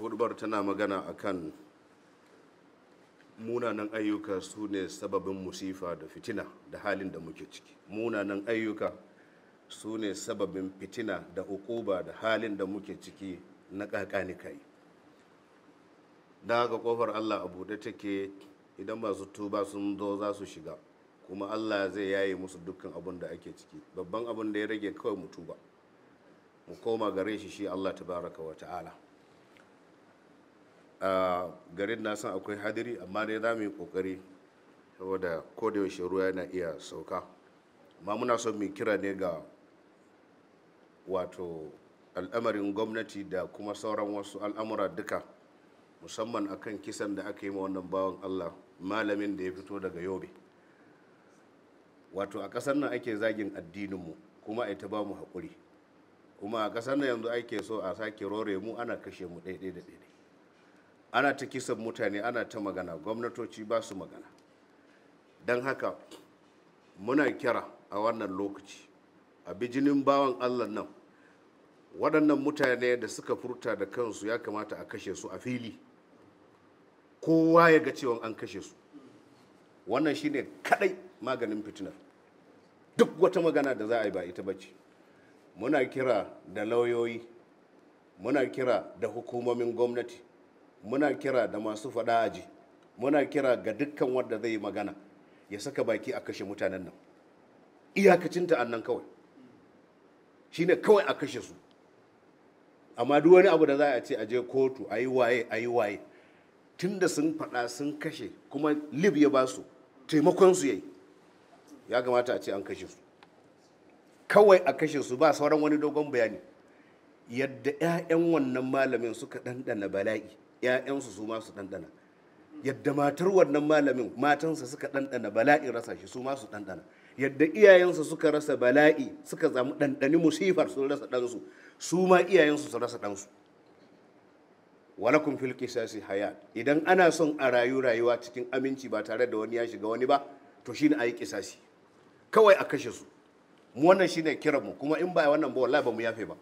hudubar tana magana a kan munanan ayyuka su ne sababin musifa da fitina da halin da muke ciki munanan ayyuka su ne sababin fitina da hukuba da halin da muke ciki na kakani kai da haka kofar allah a buɗe take idan masu tuba sun zo za su shiga kuma allah zai yaye musu dukkan abin da ake ciki babban abin da ya rage kawai mu tuba mu koma gare shi shi allah tabaraka wa ta'ala a garin na san akwai hadiri amma dai za mu yi kokari saboda koda yaushe ruwa yana iya sauka amma muna son mu kira ne ga wato al'amarin gwamnati da kuma sauran wasu al'amura duka musamman akan kisan da aka yi ma wannan bawan allah malamin da ya fito daga yobe wato a ƙasar nan ake zagin addininmu kuma a ta ba mu haƙuri kuma a ƙasar nan yanzu ake so a sake rore mu ana kashe mu ɗaiɗai da ɗaiɗai ana ta kisan mutane ana ta magana gwamnatoci ba su magana don haka muna kira a wannan lokaci a bijinin bawan allah nan waɗannan mutane da suka furta da kansu ya kamata a kashe su a fili kowa ya ga cewa an kashe su wannan shine kadai maganin fitinar duk wata magana da za a yi ba ita bace muna kira da lauyoyi muna kira da hukumomin gwamnati muna kira da masu faɗa aji muna kira ga dukkan wanda zai yi magana ya saka baki a kashe mutanen nan iyakacinta annan kawai shine kawai a kashe su amma duk wani abu da za a ce a je kotu a yi waye a yi waye tun da sun faɗa sun kashe kuma lib ya ba su taimakon su yayi ya kamata a ce an kashe su kawai a kashe su ba sauran wani dogon bayani yadda 'ya'yan wannan malamin suka ɗanɗana bala'i 'ya'yansu su masu ɗanɗana yadda matar wannan malamin matansa suka ɗanɗana bala'i rasa shi su masu ɗanɗana yadda iyayensa suka rasa bala'i suka zamu ɗanɗani musifar sun rasa ɗansu su ma iyayensu su rasa ɗansu walakun filki qisasi haya idan ana son a rayu rayuwa cikin aminci ba tare da wani ya shiga wani ba to shine yi kisasi kawai a kashe su mu wannan shine kiran mu kuma in ba wannan ba wallahi ba mu yafe ba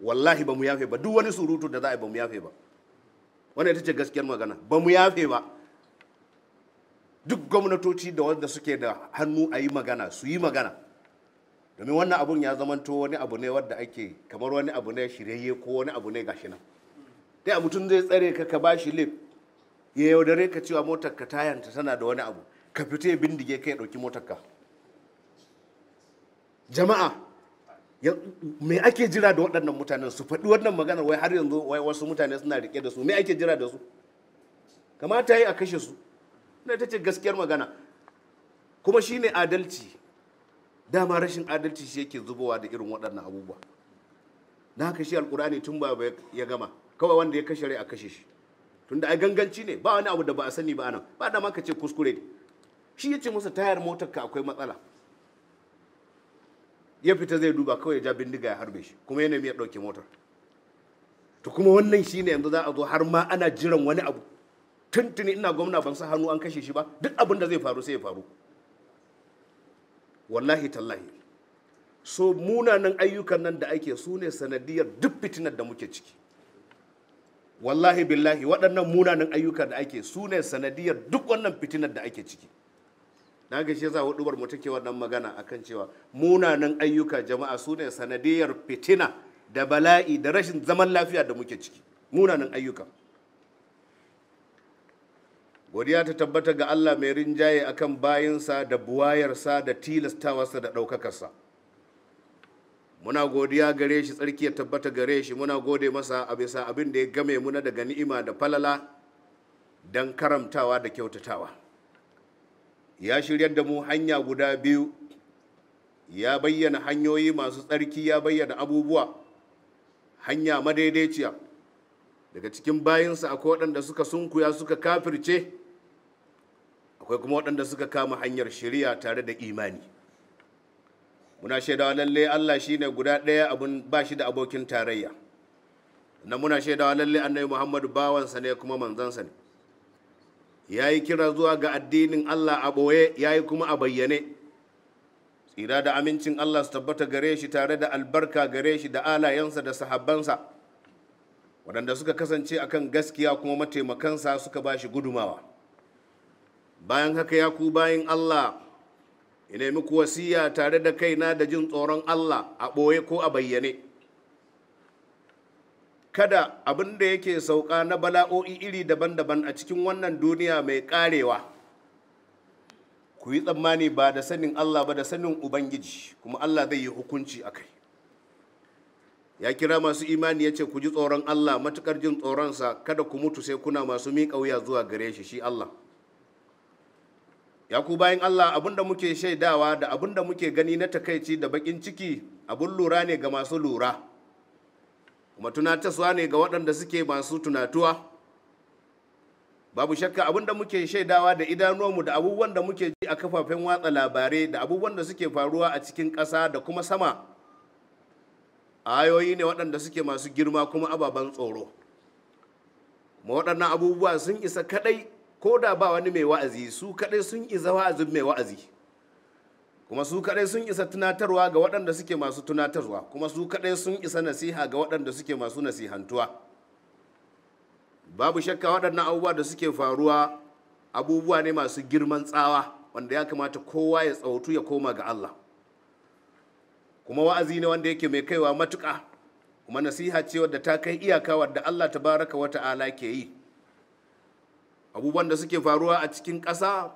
wallahi ba mu yafe ba duk wani surutu da za a yi ba mu yafe ba wannan ita ce gaskiyar magana ba mu yafe ba duk gwamnatoci da wanda suke da hannu a yi magana su yi magana domin wannan abun ya zamanto wani abu ne wadda ake kamar wani abu ne shiryayye ko wani abu ne gashi nan dai a mutum zai tsare ka ka bashi lif ya yaudare ka cewa motar ka tayanta tana da wani abu ka fita ya bindige ka ya ɗauki motar ka jama'a me ake jira da waɗannan mutanen su faɗi wannan maganar wai har yanzu wai wasu mutane suna rike da su me ake jira da su kamata yi a kashe su na ta ce gaskiyar magana kuma shi ne adalci dama rashin adalci shi yake zubowa da irin waɗannan abubuwa na haka shi alkurani tun ba ya gama kawai wanda ya kashe rai a kashe shi tunda ai ganganci ne ba wani abu da ba a sani ba anan ba da ma ka ce kuskure shi ya ce masa tayar motar ka akwai matsala ya fita zai duba kawai ja bindiga ya harbe shi kuma yana ya ɗauke motar to kuma wannan shine yanzu za a zo har ma ana jiran wani abu tuntuni ina gwamna ban sa hannu an kashe shi ba duk abin da zai faru sai ya faru wallahi tallahi so munanan ayyukan nan da ake su ne sanadiyar duk fitinar da muke ciki wallahi billahi waɗannan munanan ayyukan da ake su ne sanadiyar duk wannan fitinar da ake ciki na ga shi za huɗubar mu take wannan magana akan cewa munanan ayyuka jama'a su ne sanadiyar fitina da bala'i da rashin zaman lafiya da muke ciki munanan ayyuka godiya ta tabbata ga Allah mai rinjaye akan bayinsa da buwayarsa da tilastawarsa da ɗaukakarsa muna godiya gare shi tsarki ya tabbata gare shi muna gode masa a bisa abin da ya game mu na daga ni'ima da falala don karamtawa da kyautatawa ya shirya da mu hanya guda biyu ya bayyana hanyoyi masu tsarki ya bayyana abubuwa hanya madaidaiciya daga cikin bayinsa akwai waɗanda suka sunkuya suka kafirce akwai kuma waɗanda suka kama hanyar shirya tare da imani muna shaidawa lalle allah shine guda ɗaya abin ba shi da abokin tarayya na muna shaidawa lalle annabi muhammadu bawansa ne kuma manzansa ne ya yi kira zuwa ga addinin Allah a ɓoye ya yi kuma a bayyane tsira da amincin Allah su tabbata gare shi tare da albarka gare shi da alayensa da sahabbansa waɗanda suka kasance a kan gaskiya kuma mataimakansa suka ba shi gudumawa bayan haka ya ku bayan Allah ya nemi wasiya tare da kaina da jin tsoron Allah a ɓoye ko a bayyane kada abin da yake sauka na bala'o'i iri daban-daban a cikin wannan duniya mai karewa ku yi tsammani ba da sanin Allah ba da sanin Ubangiji kuma Allah zai yi hukunci a kai ya kira masu imani ya ce ku ji tsoron Allah matukar jin tsoronsa kada ku mutu sai kuna masu miƙa wuya zuwa gare shi shi Allah ya ku bayan Allah abinda muke shaidawa da abinda muke gani na takaici da bakin ciki abin lura ne ga masu lura kuma tunatarwa ne ga waɗanda suke masu tunatuwa babu shakka abinda muke shaidawa da idanuwanmu da abubuwan da muke ji a kafafen watsa labarai da abubuwan da suke faruwa a cikin ƙasa da kuma sama ayoyi ne waɗanda suke masu girma kuma ababen tsoro ma waɗannan abubuwa sun isa kaɗai ko da ba wani mai wa'azi su kaɗai sun isa wa'azin mai wa'azi kuma su kadai sun isa tunatarwa ga waɗanda suke masu tunatarwa kuma su kadai sun isa nasiha ga waɗanda suke masu nasihantuwa babu shakka waɗannan abubuwa da suke faruwa abubuwa ne masu girman tsawa wanda ya kamata kowa ya tsautu ya koma ga Allah kuma wa'azi ne wanda yake mai kaiwa matuƙa kuma nasiha ce wadda ta kai iyaka wadda Allah baraka Wata Ala ke yi abubuwan da suke faruwa a cikin ƙasa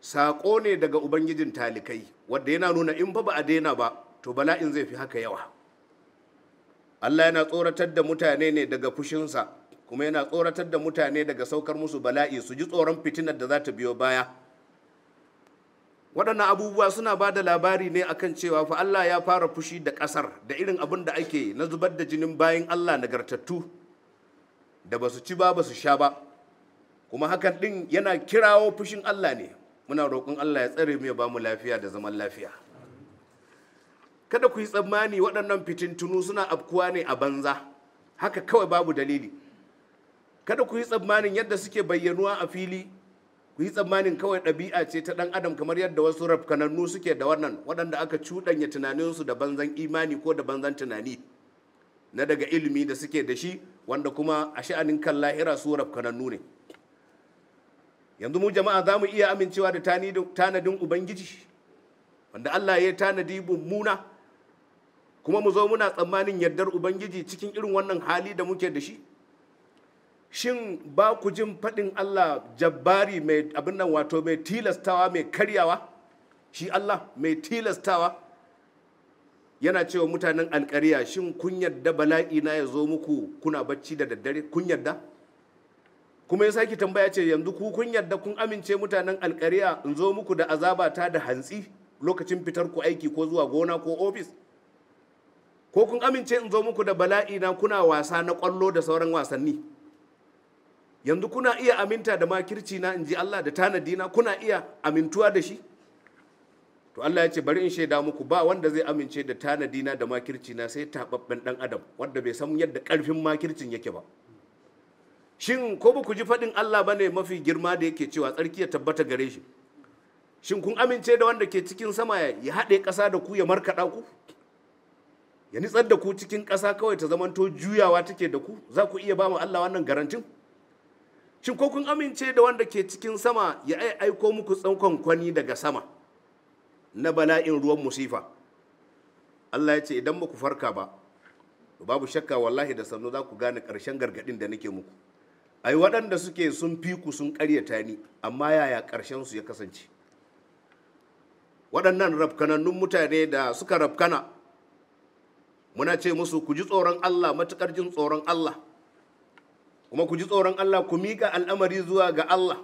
saƙo ne daga ubangijin talikai wadda yana nuna in ba ba a daina ba to bala'in zai fi haka yawa allah yana tsoratar da mutane ne daga fushinsa kuma yana tsoratar da mutane daga saukar musu bala'i su ji tsoron fitinar da za ta biyo baya waɗannan abubuwa suna ba da labari ne akan cewa fa allah ya fara fushi da ƙasar da irin abin da ake na zubar da jinin bayan allah nagartattu da ba su ci ba ba su sha ba kuma hakan ɗin yana kirawo fushin allah ne muna roƙon Allah ya tsare mu ya ba mu lafiya da zaman lafiya kada ku yi tsammani waɗannan fitintunu suna afkuwa ne a banza haka kawai babu dalili kada ku yi tsammanin yadda suke bayyanuwa a fili ku yi tsammanin kawai ɗabi'a ce ta ɗan adam kamar yadda wasu rafkanannu suke da wannan waɗanda aka cuɗanya tunaninsu da banzan imani ko da banzan tunani na daga ilimi da suke da shi wanda kuma a sha'anin kan lahira su rafkanannu ne yanzu mu jama'a za mu iya amincewa da tanadin ubangiji wanda allah ya tanadi mummuna kuma mu zo muna tsammanin yardar ubangiji cikin irin wannan hali da muke da shi shin ba ku jin faɗin allah jabbari mai abin nan wato mai tilastawa mai karyawa shi allah mai tilastawa yana cewa mutanen alkariya shin kun yadda bala'ina ya zo muku kuna bacci da daddare kun yadda kuma ya sake tambaya ce yanzu ku kun yarda kun amince mutanen alkariya in zo muku da azaba ta da hantsi lokacin fitar ku aiki ko zuwa gona ko ofis ko kun amince in zo muku da bala'i na kuna wasa na kwallo da sauran wasanni yanzu kuna iya aminta da makirci na in ji Allah da tanadi na kuna iya amintuwa da shi to Allah ya ce bari in shaida muku ba wanda zai amince da tanadi na da makirci na sai tababben dan adam wanda bai san yadda karfin makircin yake ba shin ko ba ku ji faɗin Allah ba ne mafi girma da yake cewa tsarki ya tabbata gare shi shin kun amince da wanda ke cikin sama ya haɗe ƙasa da ku ya markaɗa ku ya nitsar da ku cikin ƙasa kawai ta zamanto juyawa take da ku za ku iya ba mu Allah wannan garantin shin ko kun amince da wanda ke cikin sama ya aiko muku tsankon kwani daga sama na bala'in ruwan musifa Allah ya ce idan ba ku farka ba babu shakka wallahi da sannu za ku gane karshen gargaɗin da nake muku ai waɗanda suke sun fi ku sun ƙaryata ni amma yaya ƙarshen su ya kasance waɗannan rafkanannun mutane da suka rafkana muna ce musu ku ji tsoron Allah matuƙar jin tsoron Allah kuma ku ji tsoron Allah ku miƙa al'amari zuwa ga Allah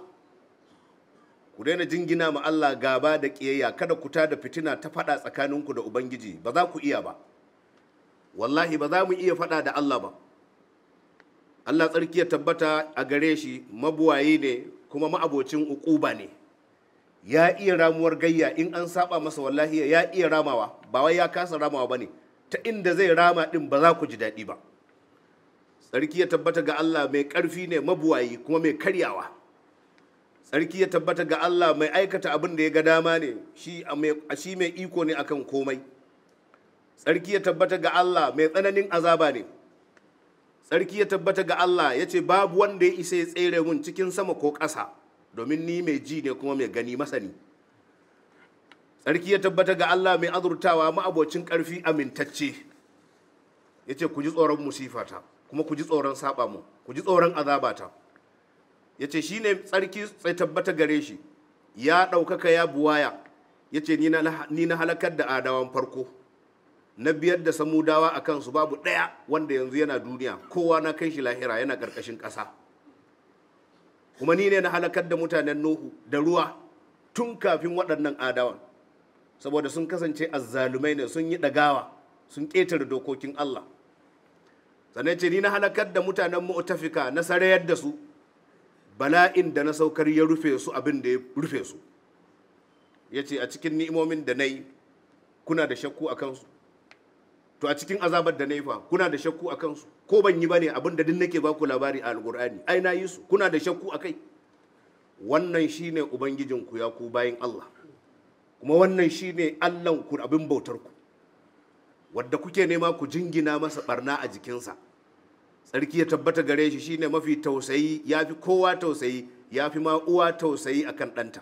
ku daina jingina ma Allah gaba da ƙiyayya kada ku ta da fitina ta faɗa tsakaninku da Ubangiji ba za ku iya ba wallahi ba za mu iya faɗa da Allah ba Allah tsarki ya tabbata a gare shi mabuwayi ne kuma ma'abocin ukuba ne ya iya ramuwar gayya in an saba masa wallahi ya iya ramawa ba wai ya kasa ramawa ba ne ta inda zai rama din ba za ku ji daɗi ba tsarki ya tabbata ga Allah mai ƙarfi ne mabuwayi kuma mai karyawa tsarki ya tabbata ga Allah mai aikata abin da ya ga dama ne shi mai iko ne akan komai tsarki ya tabbata ga Allah mai tsananin azaba ne tsarki ya tabbata ga Allah ya ce babu wanda ya isa ya tsere mun cikin sama ko ƙasa domin ni mai ji ne kuma mai gani masani tsarki ya tabbata ga Allah mai azurtawa ma'abocin ƙarfi amintacce ya ce ku ji tsoron musifata kuma ku ji tsoron saba mu ku ji tsoron azabata ya ce shi ne tsarki sai tabbata gare shi ya ɗaukaka ya buwaya ya ce ni na halakar da adawan farko na biyar da samudawa a kansu babu ɗaya wanda yanzu yana duniya kowa na kai shi lahira yana ƙarƙashin ƙasa kuma ni ne na halakar da mutanen nuhu da ruwa tun kafin waɗannan adawa saboda sun kasance azzalumai ne sun yi ɗagawa sun ƙetare dokokin allah sannan ce ni na halakar da mutanen mu'tafika na sarayar da su bala'in da na saukar ya rufe su abin da ya rufe su ya ce a cikin ni'imomin da na yi kuna da shakku a kansu to a cikin azabar da na yi fa kuna da shakku a kansu ko ban yi ba ne abin da duk nake baku labari a alkur'ani ai na yi su kuna da shakku a kai wannan shine ubangijin ku ya ku bayin Allah kuma wannan shine Allahn ku abin bautar ku wadda kuke nema ku jingina masa barna a jikinsa tsarki ya tabbata gare shi ne mafi tausayi ya fi kowa tausayi yafi ma uwa tausayi a kan ɗanta.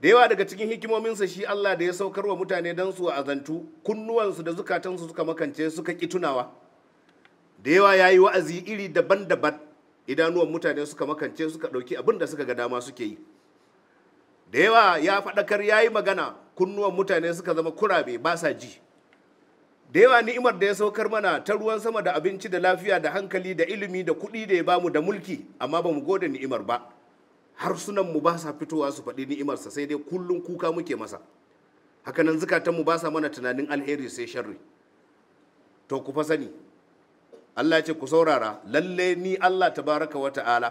da yawa daga cikin hikimominsa shi Allah da ya saukar wa mutane don su azantu kunnuwansu da zukatansu suka makance suka ƙi tunawa da yawa ya yi wa'azi iri daban-daban idanuwan mutane suka makance suka ɗauki abin da suka ga dama suke yi da yawa ya faɗakar ya yi magana kunnuwan mutane suka zama kurabe ba sa ji da yawa ni'imar da ya saukar mana ta ruwan sama da abinci da lafiya da hankali da ilimi da kuɗi da ya bamu da mulki amma ba mu gode ni'imar ba harsunanmu ba sa fitowa su faɗi ni'imarsa sai dai kullum kuka muke masa hakanan zukatanmu ba sa mana tunanin alheri sai sharri to ku fa sani Allah ce ku saurara lalle ni Allah tabaraka wa ta'ala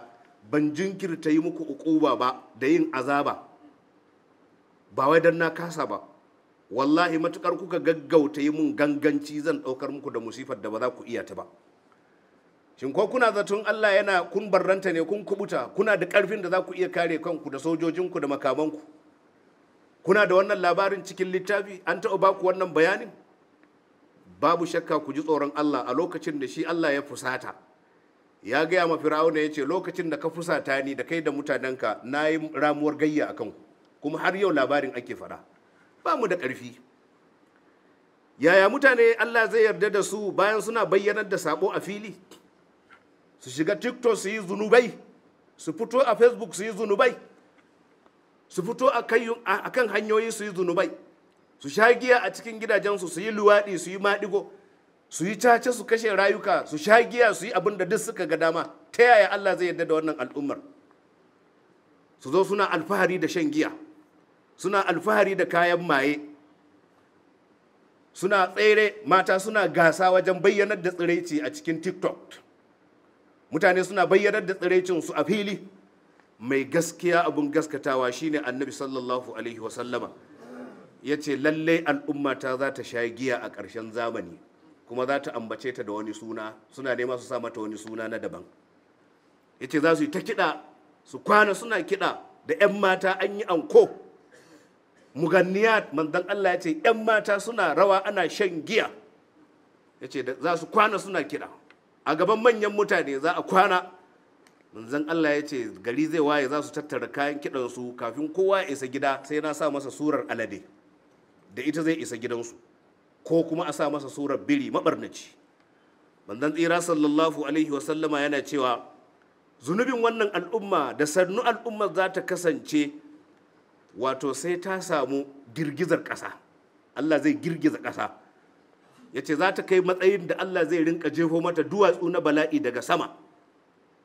ban jinkirta yi muku ukuba ba da yin azaba ba wai dan na kasa ba wallahi matukar kuka gaggauta yi mun ganganci zan daukar muku da musifar da ba za ku iya ta ba shin ko kuna zaton Allah yana kun barranta ne kun kubuta kuna da karfin da za ku iya kare kanku da sojojinku da makamanku kuna da wannan labarin cikin littafi an taɓa baku wannan bayanin babu shakka ku ji tsoron Allah a lokacin da shi Allah ya fusata ya gaya ma fir'auna ya ce lokacin da ka fusata ni da kai da mutanenka na yi ramuwar gayya a kanku kuma har yau labarin ake fara ba mu da ƙarfi yaya mutane Allah zai yarda da su bayan suna bayyanar da sabo a fili su shiga tiktok su yi zunubai su fito a facebook su yi zunubai su fito a kan hanyoyi su yi zunubai su sha giya a cikin gidajensu su yi luwaɗi su yi maɗigo su yi cace su kashe rayuka su sha giya su yi abin da duk suka ga dama ta yaya allah zai yarda da wannan al'ummar su zo suna alfahari da shan giya suna alfahari da kayan maye suna tsere mata suna gasa wajen bayyanar da tsiraici a cikin tiktok mutane suna bayyanar da tsiraicinsu a fili mai gaskiya abun gaskatawa shine annabi sallallahu alaihi wasallama ya ce lallai al'ummata za ta sha giya a ƙarshen zamani kuma za ta ambace ta da wani suna suna nema su sa mata wani suna na daban ya ce za su yi ta kiɗa su kwana suna kiɗa da 'yan mata an yi anko muganniyat manzon Allah ya ce 'yan mata suna rawa ana shan giya ya ce za su kwana suna kiɗa a gaban manyan mutane za a kwana manzon Allah ya ce gari zai waye za su tattara kayan su kafin kowa ya isa gida sai na sa masa surar alade da ita zai isa gidansu ko kuma a sa masa surar biri mabarnaci manzon tsira sallallahu alaihi wasallama yana cewa zunubin wannan al'umma da sannu al'umma za ta kasance wato sai ta samu girgizar ƙasa Allah zai girgiza ƙasa ya ce za ta kai matsayin da Allah zai rinka jefo mata duwatsu na bala'i daga sama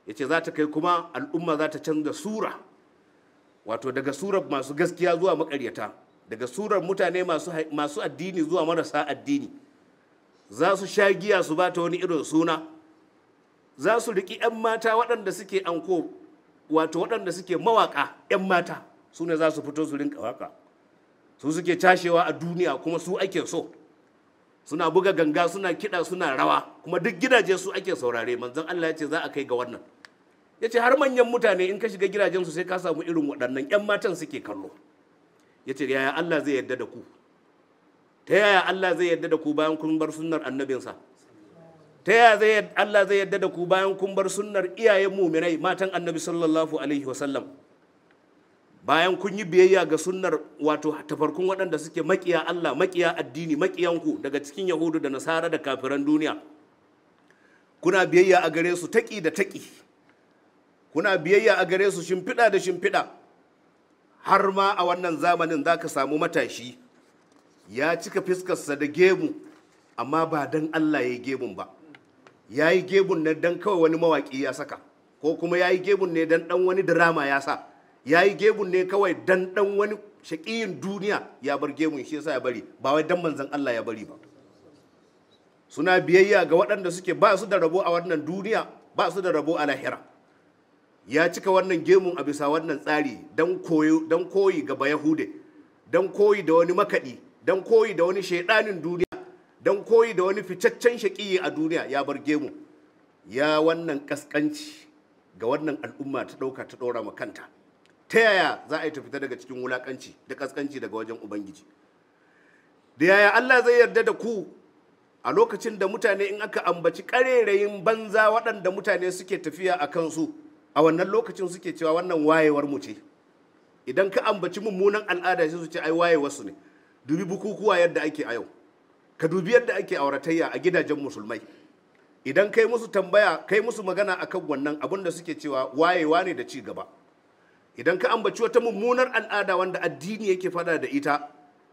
ya ce za ta kai kuma al'umma za ta canza sura wato daga surar masu gaskiya zuwa makaryata daga surar mutane masu addini zuwa marasa addini za su sha giya su ba ta wani irin suna za su riƙi 'yan mata waɗanda suke anko wato waɗanda suke mawaƙa 'yan mata su ne za su fito su rinka waka su suke cashewa a duniya kuma su ake so suna buga ganga suna kiɗa suna rawa kuma duk gidaje su ake saurare manzon Allah ya ce za a kai ga wannan ya ce har manyan mutane in ka shiga gidajensu sai ka samu irin waɗannan 'yan matan suke kallo ya ce yaya Allah zai yarda da ku ta yaya Allah zai yarda da ku bayan kun bar sunnar annabinsa ta yaya Allah zai yarda da ku bayan kun bar sunnar iyayen muminai matan annabi sallallahu alaihi wasallam bayan kun yi biyayya ga sunnar wato tafarkun waɗanda suke makiya Allah makiya addini makiyanku daga cikin yahudu da nasara da kafiran duniya kuna biyayya a gare su taƙi da taƙi kuna biyayya a gare su shimfiɗa da shimfiɗa har ma a wannan zamanin za ka samu matashi ya cika fiskarsa da gemu amma ba don Allah ya yi gemun ba ya yi gemun ne don kawai wani mawaƙi ya saka ko kuma ya yi gemun ne don ɗan wani drama ya sa ya yi gemun ne kawai dan dan wani shaƙiyin duniya ya bar gemun shi yasa ya bari ba wai dan manzon Allah ya bari ba suna biyayya ga waɗanda suke ba su da rabo a wannan duniya ba su da rabo a lahira ya cika wannan gemun a bisa wannan tsari don koyi don koyi ga bayahude don koyi da wani makaɗi don koyi da wani shaidanin duniya don koyi da wani ficaccen shaƙiyi a duniya ya bar gemu ya wannan kaskanci ga wannan al'umma ta ɗauka ta ɗora ma kanta ta yaya za a yi tafita daga cikin wulakanci da kaskanci daga wajen ubangiji da yaya allah zai yarda da ku a lokacin da mutane in aka ambaci karerayin banza waɗanda mutane suke tafiya a kansu a wannan lokacin suke cewa wannan wayewar mu ce idan ka ambaci mummunan al'ada sai su ce ai wayewar su ne dubi bukukuwa yadda ake a yau ka dubi yadda ake auratayya a gidajen musulmai idan kai musu tambaya kai musu magana akan wannan abin da suke cewa wayewa ne da ci gaba idan ka ambaci wata mummunar al'ada wanda addini yake fada da ita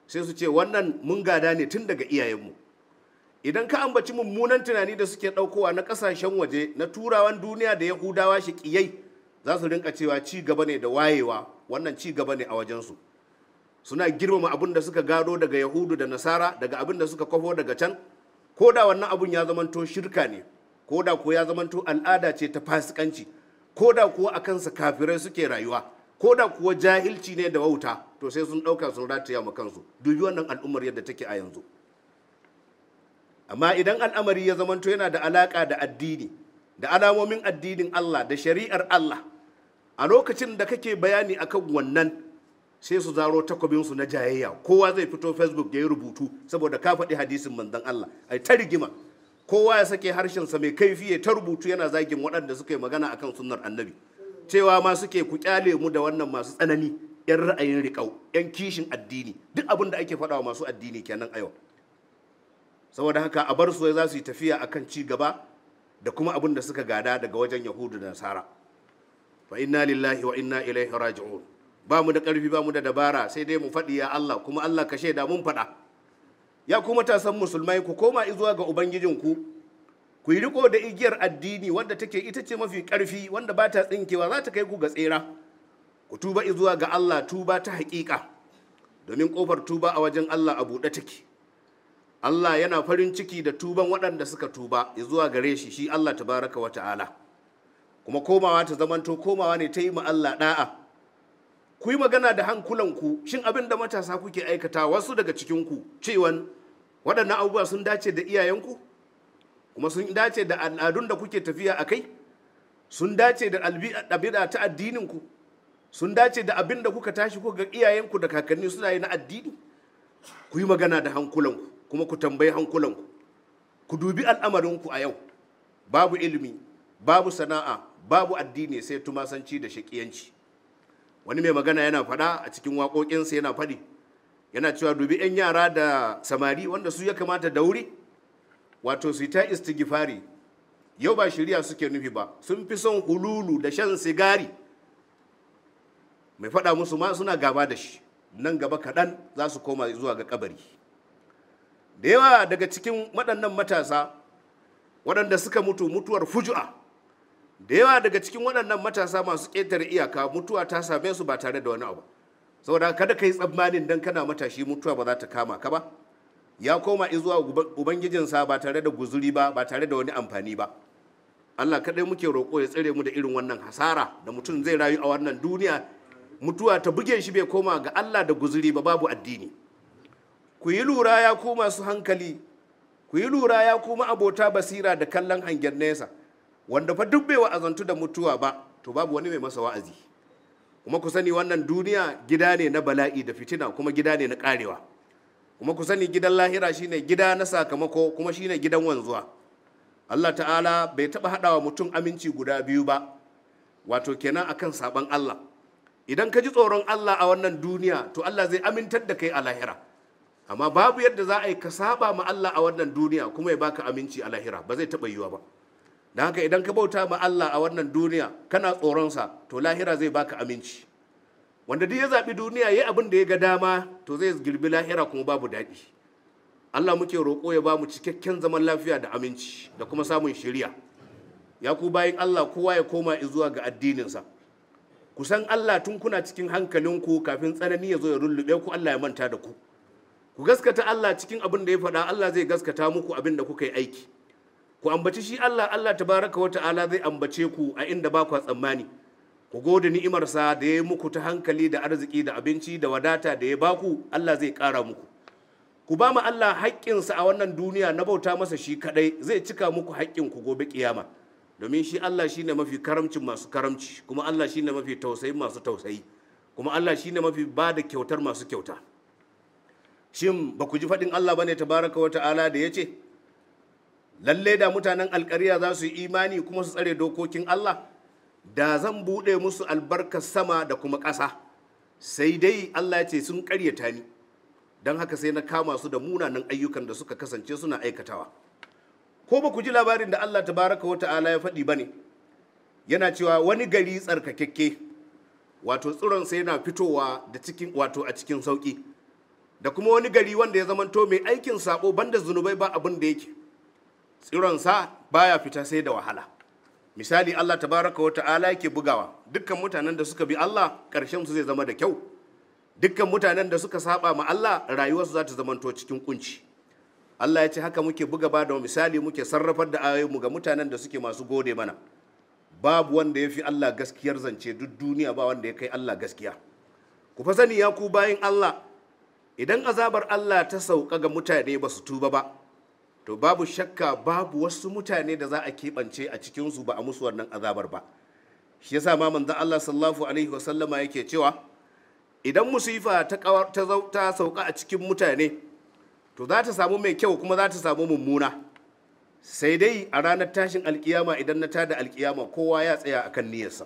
sai su ce wannan mun gada ne tun daga iyayenmu idan ka ambaci mummunan tunani da suke ɗaukowa na kasashen waje na turawan duniya da yahudawa shaƙiyai za su rinka cewa ci gaba ne da wayewa wannan ci gaba ne a wajensu suna girmama abin da suka gado daga yahudu da nasara daga abin da suka kwafo daga can ko da wannan abun ya zamanto shirka ne ko da ko ya zamanto al'ada ce ta fasikanci ko da kuwa a kansa kafirai suke rayuwa ko da kuwa jahilci ne da wauta to sai sun ɗauka sun rataya ma kansu dubi wannan al'ummar yadda take a yanzu amma idan al'amari ya zamanto yana da alaƙa da addini da alamomin addinin Allah da shari'ar Allah a lokacin da kake bayani akan wannan sai su zaro takobinsu na jayayya kowa zai fito facebook ya yi rubutu saboda ka faɗi hadisin manzon Allah ai ta rigima kowa ya sake harshensa mai kaifi ya ta rubutu yana zagin waɗanda suka yi magana akan sunnar annabi cewa ma suke ku kyale mu da wannan masu tsanani yan ra'ayin riƙau yan kishin addini duk abin da ake faɗawa masu addini kenan a yau saboda haka a bar su za su yi tafiya akan ci gaba da kuma abin da suka gada daga wajen yahudu da nasara fa inna lillahi wa inna ilaihi raji'un ba mu da ƙarfi ba mu da dabara sai dai mu faɗi ya Allah kuma Allah ka shaida mun faɗa ya kuma ta san musulmai ku koma izuwa ga ubangijinku ku yi riko da igiyar addini wanda take ita ce mafi karfi wanda ba ta tsinkewa za ta kai ku ga tsira ku tuba zuwa ga Allah tuba ta haƙiƙa domin kofar tuba a wajen Allah a buɗe take Allah yana farin ciki da tuban waɗanda suka tuba zuwa gare shi shi Allah ta baraka wa ta'ala kuma komawa ta zamanto komawa ne ta yi ma Allah ɗa'a. ku yi magana da hankulanku shin abin da matasa kuke aikata wasu daga cikinku cewan waɗannan abubuwa sun dace da iyayenku kuma sun dace da al'adun da kuke tafiya a kai sun dace da ɗabi'a ta addininku sun dace da abin da kuka tashi kuka ga iyayenku da kakanni suna yi na addini ku yi magana da hankulanku kuma ku tambayi hankulanku ku dubi al'amarinku a yau babu ilimi babu sana'a babu addini sai tumasanci da shakiyanci wani mai magana yana faɗa a cikin waƙoƙinsa yana faɗi yana cewa dubi 'yan yara da samari wanda su ya kamata da wuri wato su ta istighfari yau ba shirya suke nufi ba sun fi son hululu da shan sigari mai faɗa musu ma suna gaba da shi nan gaba kaɗan za su koma zuwa ga kabari da yawa daga cikin waɗannan matasa waɗanda suka mutu mutuwar fujua da yawa daga cikin waɗannan matasa masu ƙetare iyaka mutuwa ta same su ba tare da wani abu saboda kada ka yi tsammanin don kana matashi mutuwa ba za ta kama ka ba ya koma zuwa ubangijinsa ba tare da guzuri ba ba tare da wani amfani ba Allah kaɗai muke roƙo ya tsare mu da irin wannan hasara da mutum zai rayu a wannan duniya mutuwa ta buge shi bai koma ga Allah da guzuri ba babu addini ku yi lura ya ku masu hankali ku yi lura ya kuma abota basira da kallon hangen nesa wanda fa duk bai wa'azantu da mutuwa ba to babu wani mai masa wa'azi kuma ku sani wannan duniya gida ne na bala'i da fitina kuma gida ne na karewa kuma ku sani gidan lahira shine gida na sakamako kuma shine gidan wanzuwa Allah ta'ala bai taɓa haɗawa mutum aminci guda biyu ba wato kenan akan saban Allah idan ka ji tsoron Allah a wannan duniya to Allah zai amintar da kai a lahira amma babu yadda za a yi ka saba ma Allah a wannan duniya kuma ya baka aminci a lahira ba zai taɓa yiwa ba da haka idan ka bauta ma Allah a wannan duniya kana tsoron sa to lahira zai baka aminci wanda duk ya zaɓi duniya ya abin da ya ga dama to zai girbi lahira kuma babu daɗi Allah muke roƙo ya ba mu cikakken zaman lafiya da aminci da kuma samun shiriya ya ku bayan Allah kowa ya koma zuwa ga addininsa ku san Allah tun kuna cikin hankalinku kafin tsanani ya zo ya rullube ku Allah ya manta da ku ku gaskata Allah cikin abin da ya faɗa Allah zai gaskata muku abin da kuka yi aiki ku ambaci shi Allah Allah tabaraka wa ta'ala zai ambace ku a inda ba ku tsammani ku gode ni'imarsa da ya muku ta hankali da arziki da abinci da wadata da ya baku Allah zai kara muku ku ba mu Allah haƙƙinsa a wannan duniya na bauta masa shi kaɗai zai cika muku haƙƙin ku gobe kiyama domin shi Allah shi ne mafi karamcin masu karamci kuma Allah shi ne mafi tausayi masu tausayi kuma Allah shi ne mafi ba da kyautar masu kyauta shin ba ku ji faɗin Allah ba ne tabaraka Wata'ala da ya ce lalle da mutanen alƙarya za su yi imani kuma su tsare dokokin Allah da zan buɗe musu albarkar sama da kuma ƙasa sai dai Allah ya ce sun ƙaryata ni don haka sai na kama su da munanan ayyukan da suka kasance suna aikatawa ko ba ku ji labarin da Allah ta baraka wa ta'ala ya faɗi ba ne yana cewa wani gari tsarkakekke wato tsiron sai yana fitowa da cikin wato a cikin sauƙi, da kuma wani gari wanda ya zamanto mai aikin sabo banda zunubai ba abin da yake tsiron sa baya fita sai da wahala misali Allah tabaraka wa ala yake bugawa dukkan mutanen da suka bi Allah ƙarshen su zai zama da kyau dukkan mutanen da suka saba ma Allah rayuwarsu za ta zamanto cikin kunci Allah ya ce haka muke buga ba da misali muke sarrafar da ayoyinmu ga mutanen da suke masu gode mana babu wanda ya fi Allah gaskiyar zance duk duniya ba wanda ya kai Allah gaskiya ku fa sani ya ku bayin Allah idan azabar Allah ta sauka ga mutane ba su tuba ba to babu shakka babu wasu mutane da za a keɓance a cikinsu ba a musu wannan azabar ba shi yasa ma manzon Allah sallallahu alaihi wasallama yake cewa idan musifa ta sauka a cikin mutane to za ta samu mai kyau kuma za ta samu mummuna sai dai a ranar tashin alkiyama idan na tada alkiyama kowa ya tsaya akan niyyarsa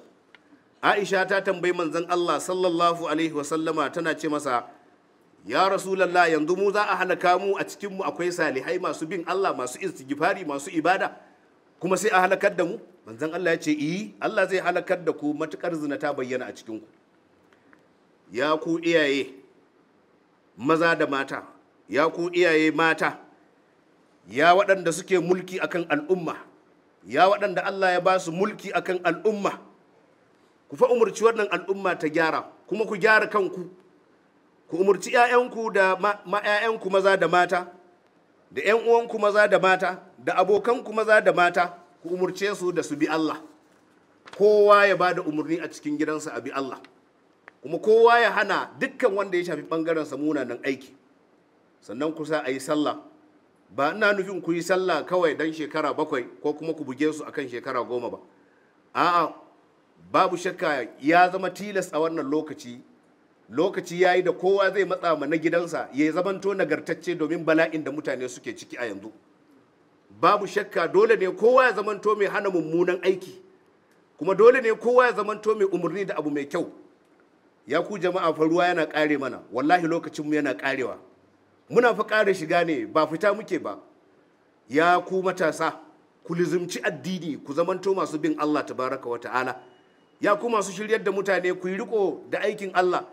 aisha ta tambayi manzon Allah sallallahu alaihi wasallama tana ce masa ya rasulallah yanzu mu za a halaka mu a cikinmu akwai salihai masu bin Allah masu istighfari masu ibada kuma sai a halakar da mu manzon Allah ya ce yi Allah zai halakar da ku matukar zina ta bayyana a cikin ku ya ku iyaye maza da mata ya ku iyaye mata ya waɗanda suke mulki akan al'umma ya waɗanda Allah ya ba su mulki akan al'umma ku fa umarci wannan al'umma ta gyara kuma ku gyara kanku ku umurci 'ya'yanku da ma'ya'yanku maza da mata da 'yan uwanku maza da mata da abokanku maza da mata ku umurce su da su bi Allah kowa ya ba da umarni a cikin gidansa a bi Allah kuma kowa ya hana dukkan wanda ya shafi bangaren sa munanan aiki sannan kusa a yi sallah ba ina nufin ku yi sallah kawai dan shekara bakwai ko kuma ku buge su akan shekara goma ba a'a babu shakka ya zama tilas a wannan lokaci lokaci yayi da kowa zai matsa ma na gidansa ya zamanto nagartacce domin bala'in da mutane suke ciki a yanzu babu shakka dole ne kowa ya zamanto mai hana mummunan aiki kuma dole ne kowa ya zamanto mai umarni da abu mai kyau ya ku jama'a fa ruwa yana kare mana wallahi lokacin mu yana karewa muna fa kare shiga ne ba fita muke ba ya ku matasa ku lizumci addini ku zamanto masu bin Allah tabaraka wa ta'ala ya ku masu shiryar da mutane ku yi riko da aikin Allah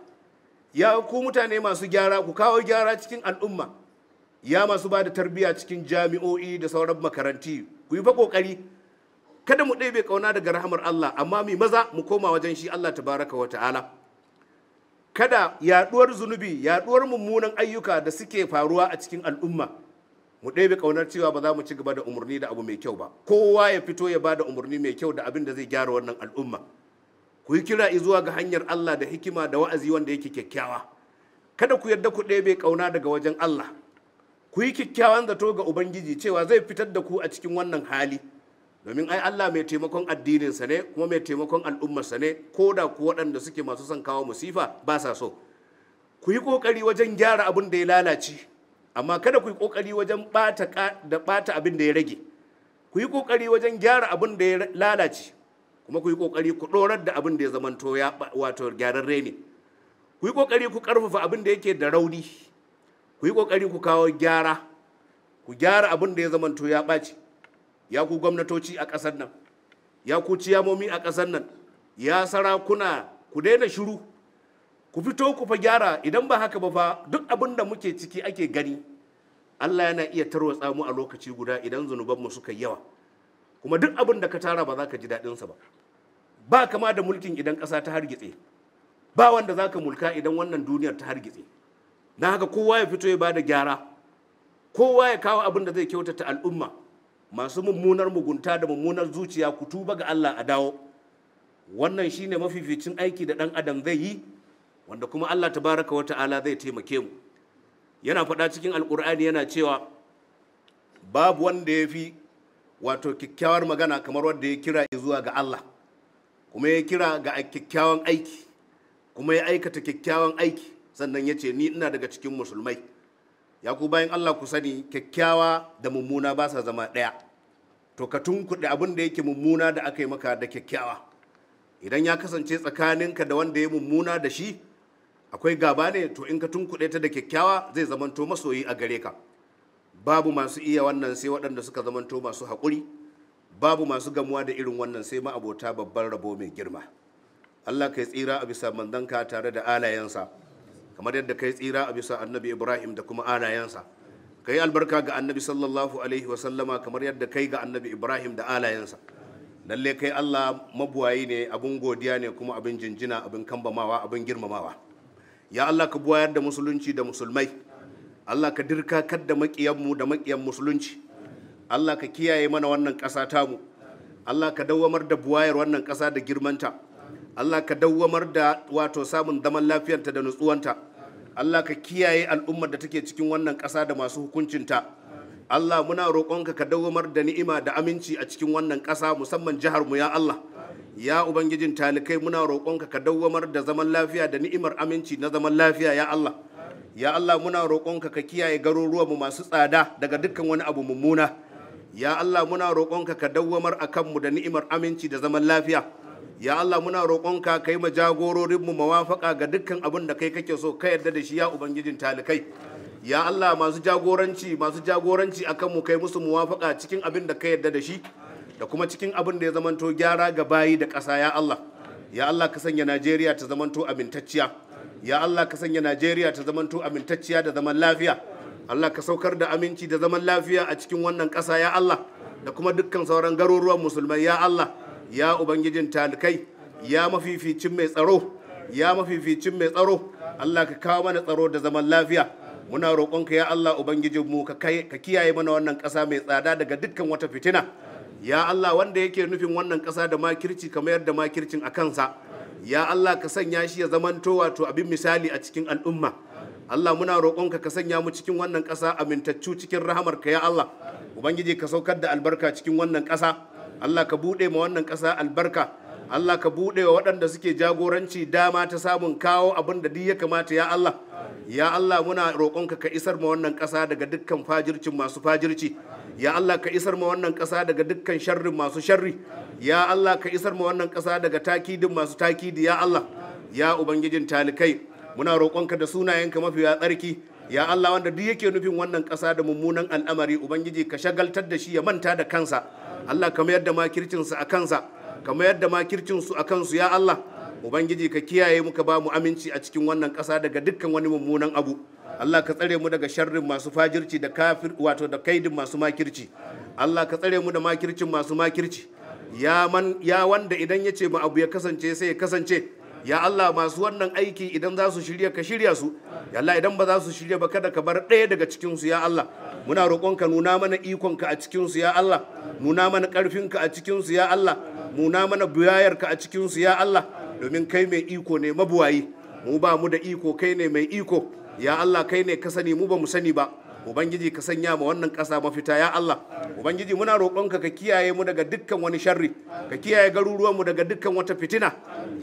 ya ku mutane masu gyara ku kawo gyara cikin al'umma ya masu ba da tarbiyya cikin jami'o'i da sauran makaranti ku yi fa kokari kada mu ɗebe ƙauna daga rahamar Allah amma mai maza mu koma wajen shi Allah tabaraka wa ta'ala kada yaɗuwar zunubi yaɗuwar mummunan ayyuka da suke faruwa a cikin al'umma mu ɗebe ƙaunar cewa ba za mu ci gaba da umarni da abu mai kyau ba kowa ya fito ya ba da umarni mai kyau da abin da zai gyara wannan al'umma ku yi kira zuwa ga hanyar Allah da hikima da wa'azi wanda yake kyakkyawa kada ku yarda ku ɗebe kauna daga wajen Allah ku yi kyakkyawan zato ga ubangiji cewa zai fitar da ku a cikin wannan hali domin ai Allah mai taimakon addininsa ne kuma mai taimakon sa ne ko da ku waɗanda suke masu son kawo musifa ba sa so ku yi ƙoƙari wajen gyara abin da ya lalace amma kada ku yi ƙoƙari wajen ɓata abin da ya rage ku yi ƙoƙari wajen gyara abin da ya lalace kuma ku yi kokari ku dorar da abin da ya zamanto ya wato gyararre ne ku yi kokari ku karfafa abin da yake da rauni ku yi kokari ku kawo gyara ku gyara abin da ya zamanto ya ɓaci ya ku gwamnatoci a ƙasar nan ya ku ciyamomi a ƙasar nan ya sarakuna ku daina shiru ku fito ku fa gyara idan ba haka ba fa duk abin da muke ciki ake gani Allah yana iya tarwatsa mu a lokaci guda idan zunubanmu suka yawa kuma duk abin da ka tara ba za ka ji daɗinsa ba ba kama da mulkin idan ƙasa ta hargitse ba wanda za ka mulka idan wannan duniyar ta hargitse na haka kowa ya fito ya ba da gyara kowa ya kawo abin da zai kyautata al'umma masu mummunar mugunta da mummunar zuciya ku tuba ga Allah a dawo wannan shine mafificin aiki da ɗan adam zai yi wanda kuma Allah tabaraka wa ta'ala zai taimake mu yana faɗa cikin alkur'ani yana cewa babu wanda ya fi wato kyakkyawar magana kamar wadda ya kira zuwa ga Allah kuma ya kira ga kyakkyawan aiki kuma ya aikata kyakkyawan aiki sannan ya ce ni ina daga cikin musulmai ya ku bayan Allah ku sani kyakkyawa da mummuna ba sa zama ɗaya to ka tunkuɗe abin da yake mummuna da aka yi maka da kyakkyawa idan ya kasance tsakaninka da wanda ya mummuna da shi akwai gaba ne to in ka tunkuɗe ta da kyakkyawa zai zamanto masoyi a gare ka babu masu iya wannan sai waɗanda suka zamanto masu haƙuri babu masu gamuwa da irin wannan sai ma ma'abota babban rabo mai girma allah kai tsira a bisa manzanka tare da alayensa kamar yadda kai tsira a bisa annabi ibrahim da kuma alayensa Kai albarka ga annabi sallallahu alaihi wa sallama kamar yadda kai ga annabi ibrahim da alayensa lalle kai allah mabuwayi ne abin godiya ne kuma abin jinjina abin kambamawa abin girmamawa ya allah ka buwayar da musulunci da musulmai Allah ka dirka kadda maƙiyanmu da maƙiyan musulunci Allah ka kiyaye mana wannan ƙasa tamu Allah ka dawwamar da buwayar wannan ƙasa da girmanta Allah ka dawwamar da wato samun zaman lafiyarta da nutsuwanta Allah ka kiyaye al'ummar da take cikin wannan ƙasa da masu hukuncinta Allah muna roƙonka ka dawwamar da ni'ima da aminci a cikin wannan ƙasa musamman jihar mu ya Allah ya ubangijin talikai muna roƙonka ka dawwamar da zaman lafiya da ni'imar aminci na zaman lafiya ya Allah ya Allah muna roƙonka ka kiyaye garuruwanmu masu tsada daga dukkan wani abu mummuna ya Allah muna roƙonka ka dawwamar a kanmu da ni'imar aminci da zaman lafiya ya Allah muna roƙonka ka yi ma jagororinmu mawafaka ga dukkan abin da kai kake so ka yarda da shi ya ubangijin talikai ya Allah masu jagoranci masu jagoranci a kanmu kai musu muwafaka cikin abin da ka yarda da shi da kuma cikin abin da ya zamanto gyara ga bayi da ƙasa ya Allah ya Allah ka sanya Najeriya ta zamanto amintacciya ya Allah ka sanya Najeriya ta zamanto amintacciya da zaman lafiya Allah ka saukar da aminci da zaman lafiya a cikin wannan ƙasa ya Allah da kuma dukkan sauran garuruwan musulmai ya Allah ya ubangijin talikai ya mafificin mai tsaro ya mafificin mai tsaro Allah ka kawo mana tsaro da zaman lafiya muna roƙonka ya Allah ubangijinmu ka kiyaye mana wannan ƙasa mai tsada daga dukkan wata fitina ya Allah wanda yake nufin wannan ƙasa da makirci kamar yadda makircin a kansa ya Allah ka sanya shi ya zamanto wato abin misali a cikin al'umma Allah muna roƙonka ka sanya mu cikin wannan ƙasa amintaccu cikin rahamarka ya Allah ubangiji ka saukar da albarka cikin wannan ƙasa Allah ka buɗe ma wannan ƙasa albarka Allah ka buɗe wa waɗanda suke jagoranci dama ta samun kawo abin da duk ya kamata ya Allah ya Allah muna roƙonka ka isar ma wannan ƙasa daga dukkan fajircin masu fajirci ya Allah ka isar ma wannan kasa daga dukkan sharrin masu sharri ya Allah ka isar ma wannan ƙasa daga takidin masu takidi ya Allah ya ubangijin talikai muna roƙonka da sunayenka mafiya tsarki ya Allah wanda duk yake nufin wannan kasa da mummunan al'amari ubangiji ka shagaltar da shi ya manta da kansa Allah ka mayar da makircinsa a kansa ka mayar da makircinsu a kansu ya Allah ubangiji ka kiyaye muka ba mu aminci a cikin wannan kasa daga dukkan wani mummunan abu Allah ka tsare mu daga sharrin masu fajirci da kafir wato da kaidin masu makirci Allah ka tsare mu da makircin masu makirci ya man ya wanda idan ya ce ma abu ya kasance sai ya kasance ya Allah masu wannan aiki idan za su shirya ka shirya su ya Allah idan ba za su shirya ba kada ka bar ɗaya daga cikin su ya Allah muna ka nuna mana ikonka a cikin su ya Allah nuna mana ka a cikin su ya Allah nuna mana ka a cikin su ya Allah domin kai mai iko ne mabuwayi mu ba mu da iko kai ne mai iko ya Allah kai ne ka sani mu ba mu sani ba ubangiji ka sanya ma wannan ƙasa mafita ya Allah ubangiji muna roƙonka ka kiyaye mu daga dukkan wani sharri ka kiyaye garuruwan mu daga dukkan wata fitina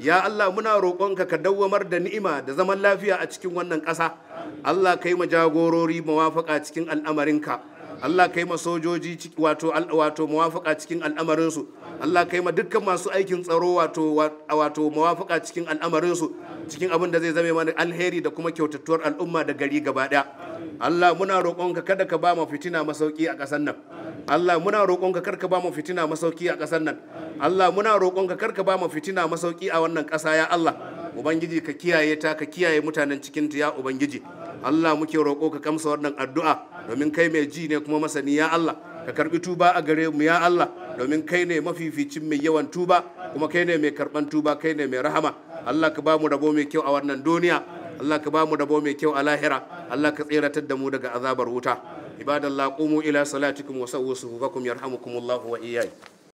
ya Allah muna roƙonka ka dawwamar da ni'ima da zaman lafiya a cikin wannan kasa Allah kai ma jagorori mawafaka cikin al'amarinka Allah kai ma sojoji wato wato mawafaka cikin al'amarinsu Allah kai ma dukkan masu aikin tsaro wato wato mawafaka cikin al'amarinsu cikin abin da zai zame mana alheri da kuma kyautattuwar al'umma da gari gaba ɗaya Allah muna roƙonka kada ka ba mu fitina masauki a ƙasar nan Allah muna roƙonka kar ka ba mu fitina masauki a ƙasar nan Allah muna roƙonka kar ka ba mu fitina masauki a wannan ƙasa ya Allah Ubangiji ka kiyaye ta ka kiyaye mutanen cikin ta ya Ubangiji Allah muke roƙo ka kamsa wannan addu'a domin kai mai ji ne kuma masani ya Allah ka karbi tuba a gare mu ya Allah domin kai ne mafificin mai yawan tuba kuma kai ne mai karban tuba kai ne mai rahama Allah ka ba mu rabo mai kyau a wannan duniya Allah ka ba mu rabo mai kyau a lahira Allah ka tseratar da mu daga azabar wuta ibadallah qumu ila salatikum wa sawwu sufufakum yarhamukumullahu wa iyyai